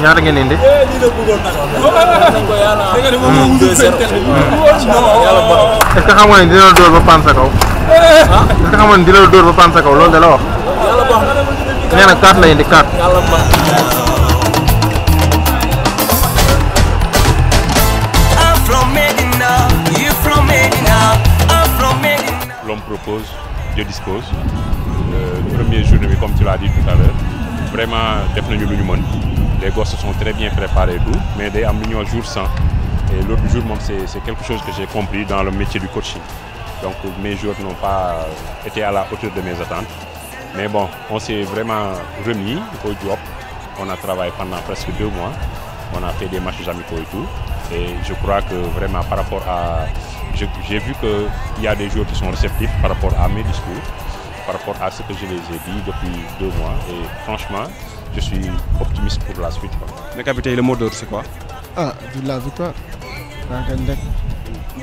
ñaata ngeen indi. est-ce que xam nga ne dina la dóor ba paan sa kaw. est-ce que xam nga ne dina la dóor ba paan sa kaw loolu da la wax. nee na kaat la indi kaat. L'on propose, Dieu dispose. Euh, nañu les gosses sont très bien préparés et tout mais day am lu ñoo jour sans et l'autre jour moom c'est quelque chose que j'ai compris dans le métier du coaching donc mes jours n'ont pas euh, été à la hauteur de mes attentes mais bon on s'est vraiment remis au job on a travaillé pendant presque deux mois on a fait des matchs amicaux et tout et je crois que vraiment par rapport à j'ai vu que y a des joueurs qui sont réceptifs par rapport à mes discours par rapport à ce mois et je suis optimiste pour la suite. Mais capitaine, le mot d'ordre, c'est quoi Ah, de la victoire.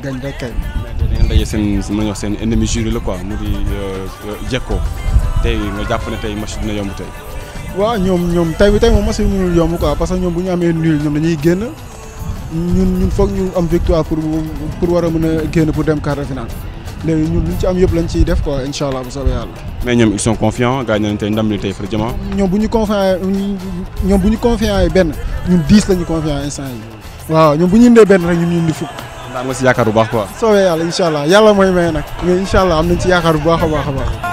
gañ rek kay. da seen mën wax seen ennemi la quoi mu di euh, euh, jekkoo tey nga jàpp ne tey machine dina yomb tey. waaw ñoom ñoom tey bi tey moom match bi mënul yomb quoi parce que ñoom bu ñu amee nul ñoom dañuy génn ñun ñun foog ñu am victoire pour pour war a mun a génn pour dem quart de finale. léegi ñun luñ ci am yëpp lañ ciy def quoi incha allah bu soobee yàlla. mais ñoom ils sont confiants gars tey ndam tey far jama. ñoom bu ñu confiant yi benn ñun dix la ñu confiant instant yi waaw ñoom bu ñu indee benn rek ñun ñu indi fukk. ndax am nga si yaakaar bu baax quoi. soobee yàlla incha yàlla mooy may nag mais incha allah am nañ ci yaakaar bu baax a baax baax.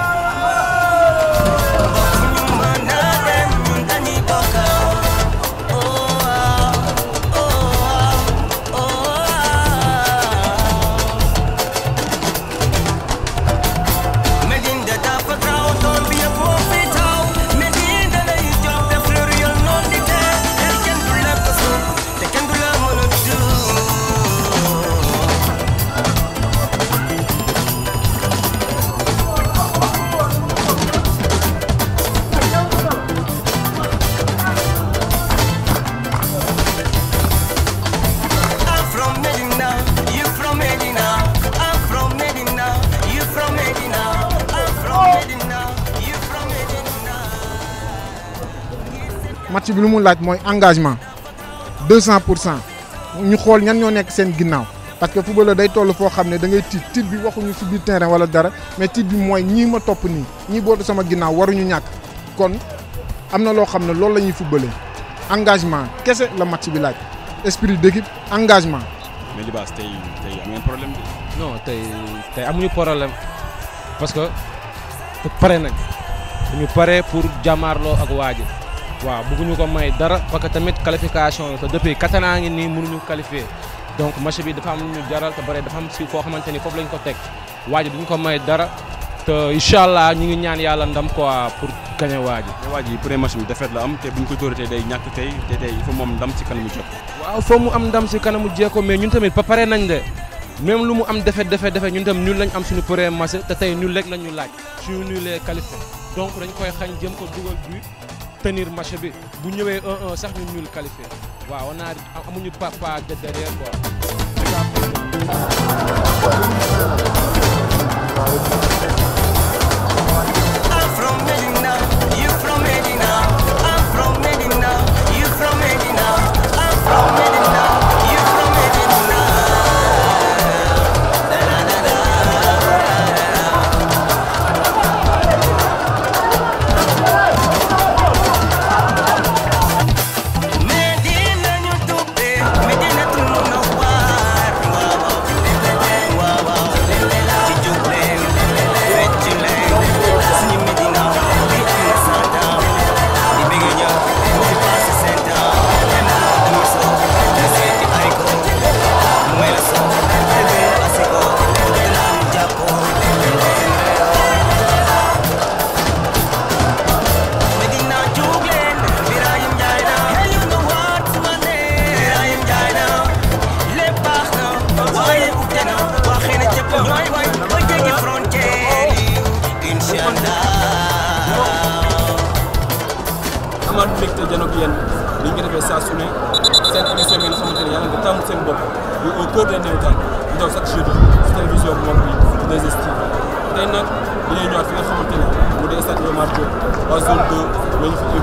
match bi lu mu laaj mooy engagement deux 200 pour cent ñu xool ñan ñoo nekk seen ginnaaw parce que footballeur day toll foo xam ne da ngay tiit tiit bi waxuñu si biir terrain wala dara mais tiit bi mooy ñii ma topp nii ñii bootu sama ginnaaw waruñu ñàkk kon am na loo xam ne loolu la ñuy footballé engagement kese la match bi laaj esprit d'équipe engagement. mais Libaas tey tey am problème bi. non tey tey amuñu problème parce que pare nañ ñu pare pour jàmmaarloo ak waaji waaw bëgguñu ko may dara parce que tamit qualification la te depuis quatre ans ngi nii mënuñu qualifier donc match bi dafa am lu ñu jaral te bëre dafa am si foo xamante ni foofu lañ ko teg waaji duñ ko may dara te incha allah ñu ngi ñaan yàlla ndam quoi pour gagner waaji. waaji premier match bi défaite la am te buñ ko dóoree tey day ñàkk tey te tey il faut mu am ndam si kanamu Jekko. waaw foo mu am ndam si kanamu Jekko mais ñun tamit ba pare nañ de même lu mu am défaite défaite défaite ñun tam ñun lañ am suñu premier match te tey ñun rek lañ ñu laaj suñu ñu les qualifié donc dañ koy xañ jëm ko dugal but tenir match bi bu ñëwee 1-1 sax ñun ñuul qualifié waaw on amuñu pas pas de derrière quoi. ba ñu fi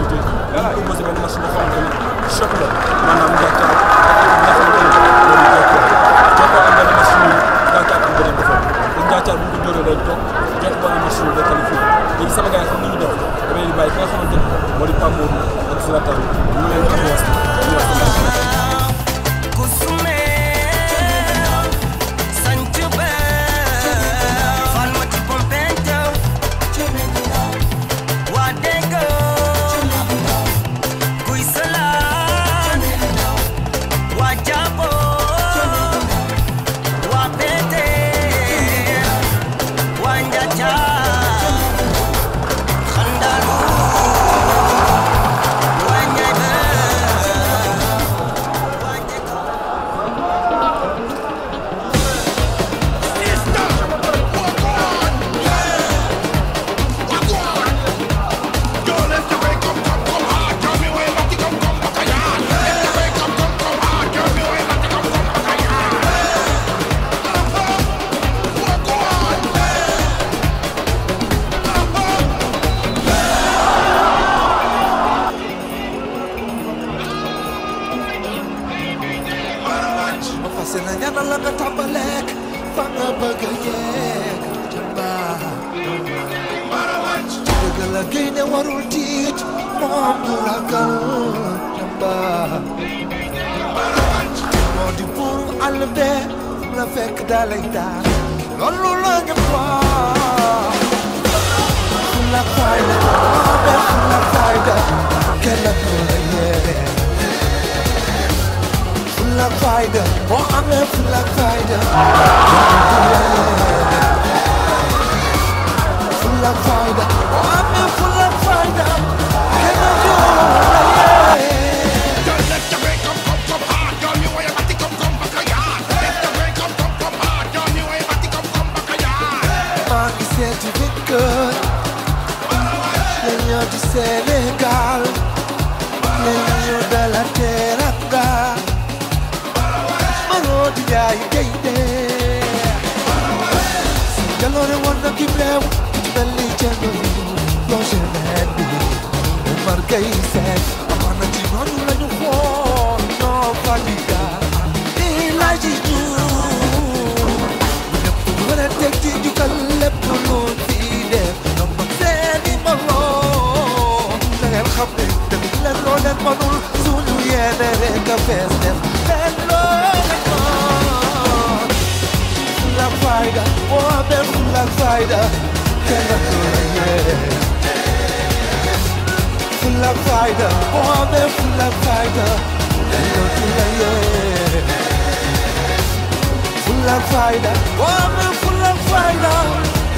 de la fekk dalay daal loolu la nga faa la fayda moo def la fayda kenn ku la yére la fayda moo amee la fayda la fayda Sénégal ne ñu dala teranga Marodi Njaay gaynde jaloore woon na ki réew ci mel ni outsider, oh, them full outsider, cannot go ahead. Full outsider, oh, them full outsider, cannot go ahead. Full outsider, oh, them full outsider,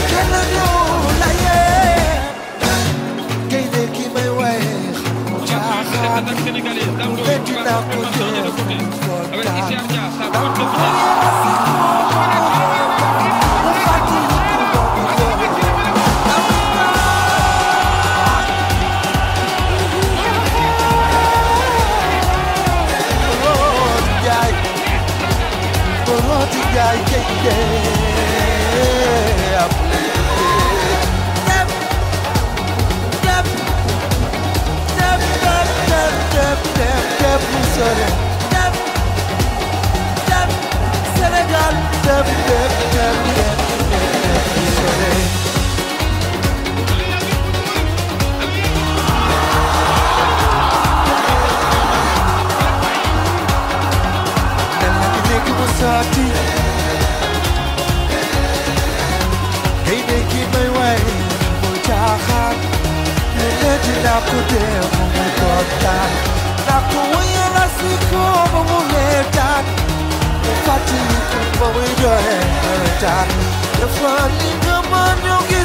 cannot go ahead. Kay de ki may wex, jaxaat, mu fetti naa ko jeex, ko daal, yeah. pra poder comportar Na kuwina siku mumeta Nefati kumbo widoe meta Nefati kumbo widoe meta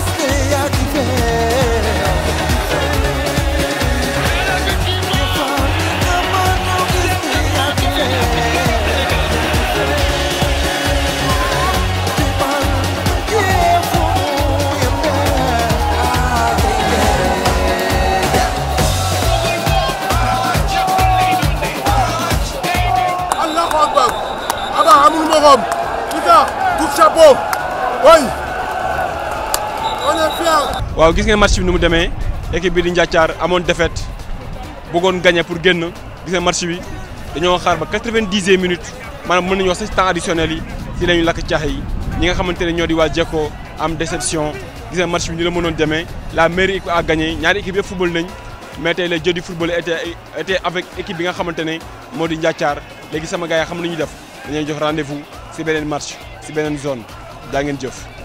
waaw gis ngeen match bi nu mu demee équipe bi di Ndiathiar amoon défaite bëggoon gagné pour génn gis ngeen match bi dañoo xaar ba quatre-vingt-dixième minute maanaam mën nañu wax sax temps additionnel yi si lañu lakk caax yi ñi nga xamante ne ñoo di waa am déception gis ngeen match bi ni la mënoon demee la meilleure équipe a gagné ñaari équipe yëpp football nañ mais tey la jëdi football était était avec équipe bi nga xamante ne moo di Ndiathiar léegi sama gars xam xam nañu def dañuy jox rendez-vous si beneen match si beneen zone daa ngeen jëf